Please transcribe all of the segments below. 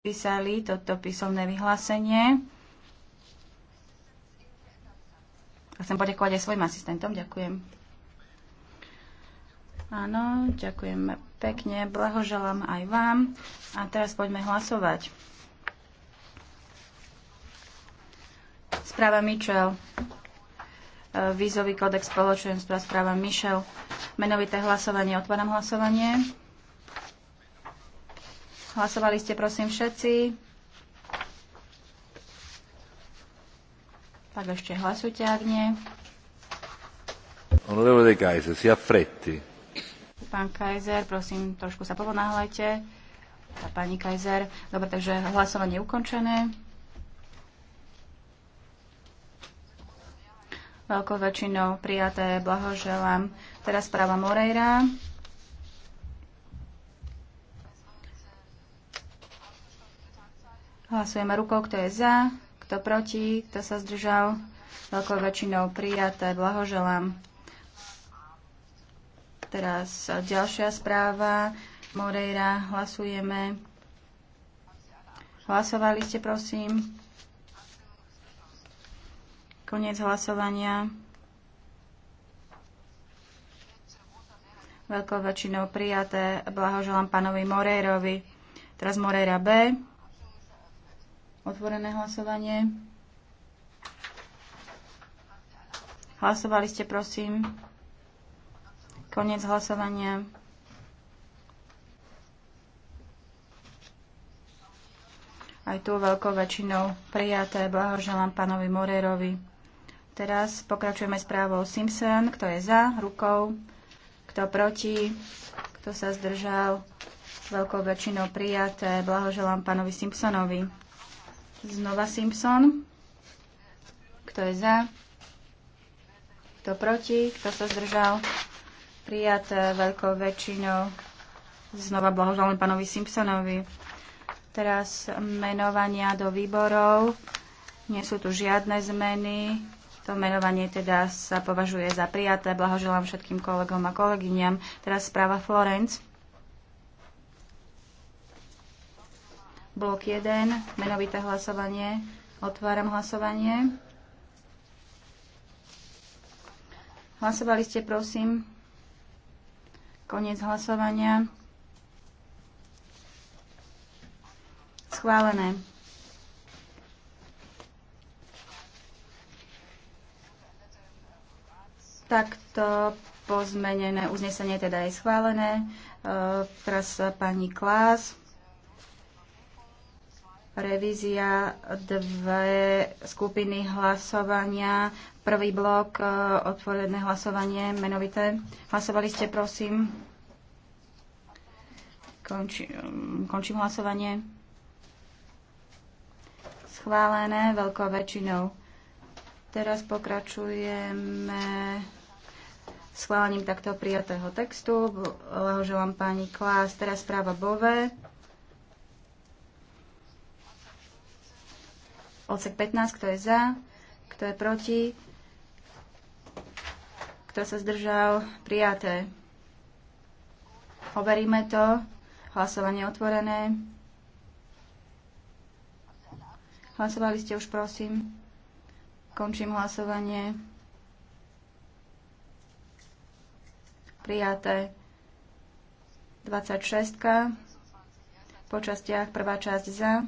podpísali toto písomné vyhlásenie. A chcem poďakovať aj svojim asistentom. Ďakujem. Áno, ďakujem pekne. Blahoželám aj vám. A teraz poďme hlasovať. Správa Mitchell. E, vízový kódex s správa Michel. Menovité hlasovanie. Otváram hlasovanie. Hlasovali ste prosím všetci. Tak ešte hlasujte, ak nie. Onorevole De Kaiser, si affretti. Pán Kaiser, prosím, trošku sa povonáhľajte. A pani Kaiser. Dobre, takže hlasovanie je ukončené. Veľkou väčšinou prijaté blahoželám. Teraz práva Moreira. Hlasujeme rukou, kto je za, kto proti, kto sa zdržal. Veľkou väčšinou prijaté. Blahoželám. Teraz ďalšia správa. Moreira, hlasujeme. Hlasovali ste, prosím. Koniec hlasovania. Veľkou väčšinou prijaté. Blahoželám pánovi Moreirovi. Teraz Moreira B. Otvorené hlasovanie. Hlasovali ste, prosím. Konec hlasovania. Aj tu veľkou väčšinou prijaté. Blahoželám pánovi Morerovi. Teraz pokračujeme správou Simpson. Kto je za rukou? Kto proti? Kto sa zdržal? Veľkou väčšinou prijaté. Blahoželám pánovi Simpsonovi. Znova Simpson. Kto je za? Kto proti? Kto sa zdržal? Prijaté veľkou väčšinou. Znova blahoželujem pánovi Simpsonovi. Teraz menovania do výborov. Nie sú tu žiadne zmeny. To menovanie teda sa považuje za prijaté. Blahoželám všetkým kolegom a kolegyňam. Teraz správa Florence. Blok 1, menovité hlasovanie. Otváram hlasovanie. Hlasovali ste, prosím. Koniec hlasovania. Schválené. Takto pozmenené uznesenie teda je schválené. E, teraz pani Klás revízia, dve skupiny hlasovania. Prvý blok, e, otvorené hlasovanie, menovité. Hlasovali ste, prosím. Mm, končím hlasovanie. Schválené veľkou väčšinou. Teraz pokračujeme schválením takto prijatého textu. Lehoželám pani Klás. Teraz správa Bove. Odsek 15, kto je za, kto je proti, kto sa zdržal, prijaté. Overíme to. Hlasovanie otvorené. Hlasovali ste už, prosím. Končím hlasovanie. Prijaté. 26. Po častiach prvá časť za,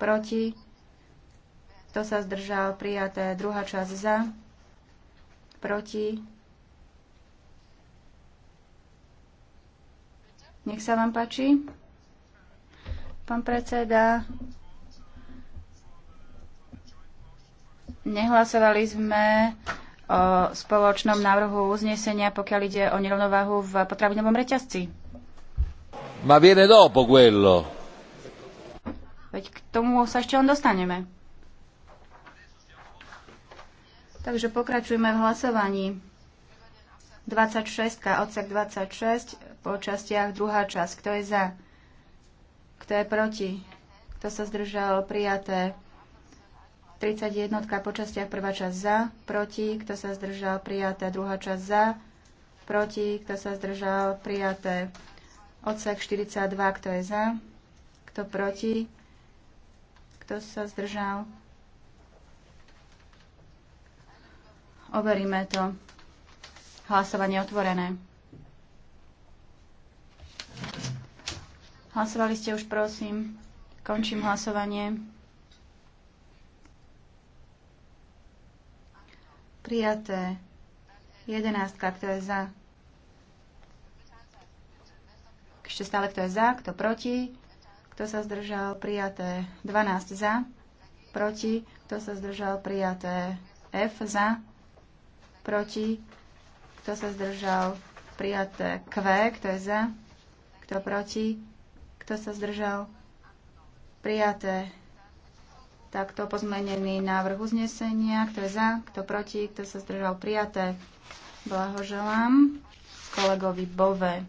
proti, kto sa zdržal? Prijaté. Druhá časť za. Proti. Nech sa vám páči. Pán predseda, nehlasovali sme o spoločnom návrhu uznesenia, pokiaľ ide o nerovnováhu v potravinovom reťazci. Ma viene dopo quello. Veď k tomu sa ešte len dostaneme. Takže pokračujeme v hlasovaní. 26, odsek 26, po častiach druhá časť. Kto je za? Kto je proti? Kto sa zdržal? Prijaté. 31 po častiach prvá časť za, proti, kto sa zdržal, prijaté, druhá časť za, proti, kto sa zdržal, prijaté. Odsek 42, kto je za, kto proti, kto sa zdržal, Overíme to. Hlasovanie otvorené. Hlasovali ste už, prosím. Končím hlasovanie. Prijaté. Jedenáctka, kto je za? Ešte stále, kto je za, kto proti? Kto sa zdržal? Prijaté. 12 za, proti. Kto sa zdržal? Prijaté. F za, proti, kto sa zdržal, prijaté Q, kto je za, kto proti, kto sa zdržal, prijaté takto pozmenený návrh uznesenia, kto je za, kto proti, kto sa zdržal, prijaté. Blahoželám kolegovi Bove.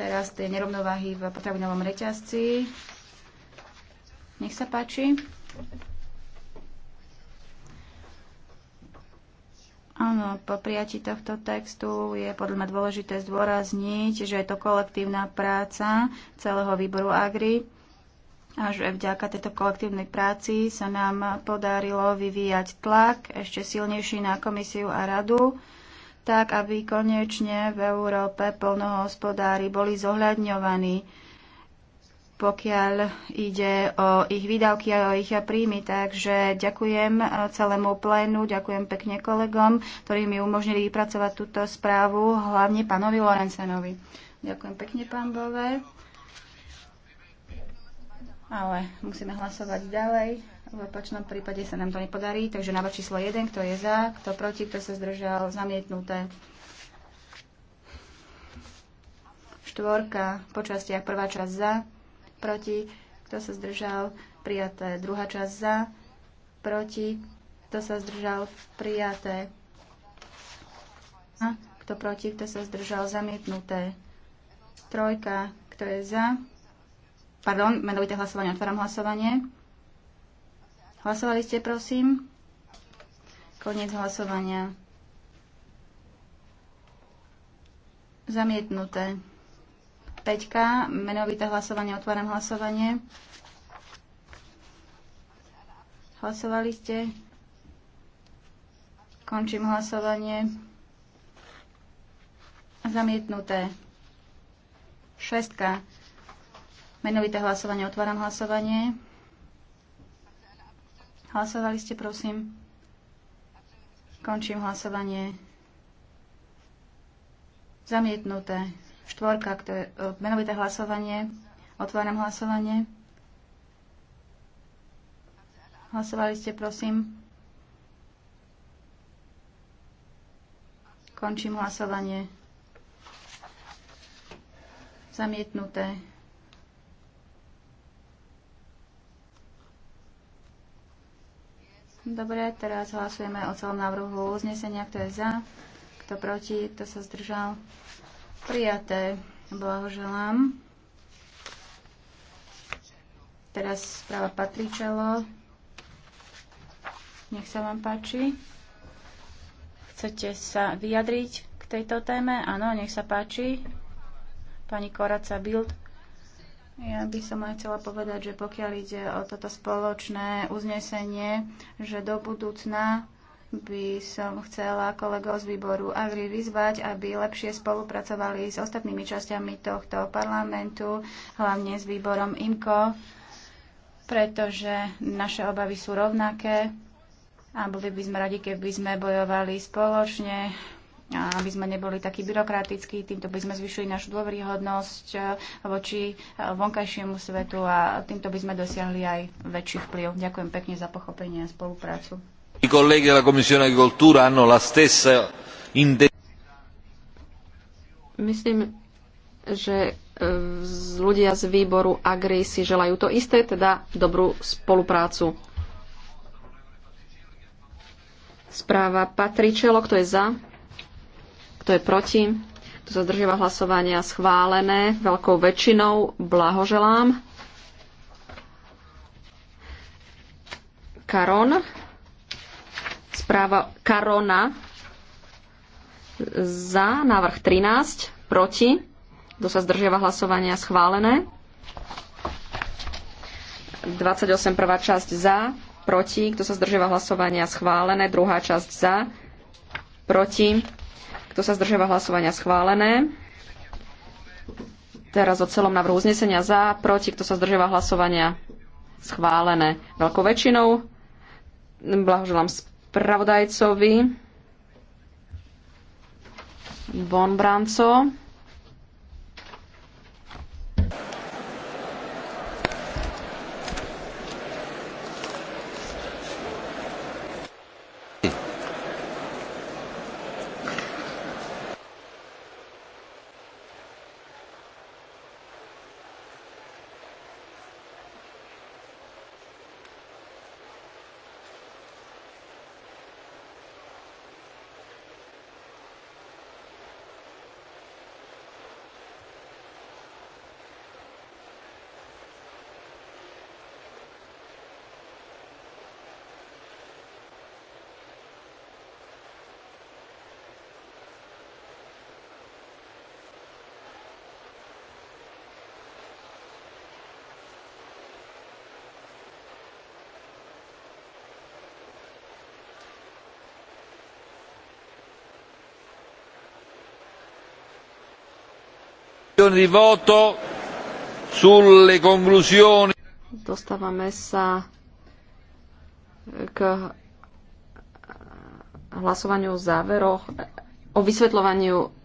Teraz tie nerovnováhy v potravinovom reťazci. Nech sa páči. Áno, po prijatí tohto textu je podľa mňa dôležité zdôrazniť, že je to kolektívna práca celého výboru Agri a že vďaka tejto kolektívnej práci sa nám podarilo vyvíjať tlak ešte silnejší na komisiu a radu, tak aby konečne v Európe polnohospodári boli zohľadňovaní pokiaľ ide o ich výdavky a o ich príjmy. Takže ďakujem e, celému plénu, ďakujem pekne kolegom, ktorí mi umožnili vypracovať túto správu, hlavne pánovi Lorencenovi. Ďakujem pekne, pán Bové. Ale musíme hlasovať ďalej. V opačnom prípade sa nám to nepodarí. Takže návrh číslo 1, kto je za, kto proti, kto sa zdržal, zamietnuté. Štvorka počasť častiach, prvá časť za, proti, kto sa zdržal, prijaté. Druhá časť za, proti, kto sa zdržal, prijaté. A, kto proti, kto sa zdržal, zamietnuté. Trojka, kto je za, pardon, menovité hlasovanie, otváram hlasovanie. Hlasovali ste, prosím. Koniec hlasovania. Zamietnuté. 5. Menovité hlasovanie. Otváram hlasovanie. Hlasovali ste? Končím hlasovanie. Zamietnuté. 6. Menovité hlasovanie. Otváram hlasovanie. Hlasovali ste, prosím. Končím hlasovanie. Zamietnuté. Štvorka, ktoré, e, menovité hlasovanie. Otváram hlasovanie. Hlasovali ste, prosím. Končím hlasovanie. Zamietnuté. Dobre, teraz hlasujeme o celom návrhu uznesenia, kto je za, kto proti, kto sa zdržal. Prijaté. Blahoželám. Teraz správa Patričelo. Nech sa vám páči. Chcete sa vyjadriť k tejto téme? Áno, nech sa páči. Pani Koraca Bild. Ja by som aj chcela povedať, že pokiaľ ide o toto spoločné uznesenie, že do budúcna by som chcela kolegov z výboru Agri vyzvať, aby lepšie spolupracovali s ostatnými časťami tohto parlamentu, hlavne s výborom IMCO, pretože naše obavy sú rovnaké a boli by sme radi, keby sme bojovali spoločne a aby sme neboli takí byrokratickí, týmto by sme zvyšili našu dôveryhodnosť voči vonkajšiemu svetu a týmto by sme dosiahli aj väčší vplyv. Ďakujem pekne za pochopenie a spoluprácu. I colleghi della Commissione Agricoltura hanno la stessa Myslím, že eh, ľudia z výboru Agri si želajú to isté, teda dobrú spoluprácu. Správa Patričelo, kto je za, kto je proti, kto sa zdržiava hlasovania schválené veľkou väčšinou. Blahoželám. Karon. Správa Karona za návrh 13, proti. Kto sa zdržiava hlasovania? Schválené. 28. prvá časť za, proti. Kto sa zdržiava hlasovania? Schválené. Druhá časť za, proti. Kto sa zdržiava hlasovania? Schválené. Teraz o celom návrhu uznesenia za, proti. Kto sa zdržiava hlasovania? Schválené. Veľkou väčšinou. Blahoželám spravodajcovi Von Bonbranco. dichiarazioni di voto sulle conclusioni. Dostávame sa eh, k eh, hlasovaniu o záveroch, o vysvetľovaniu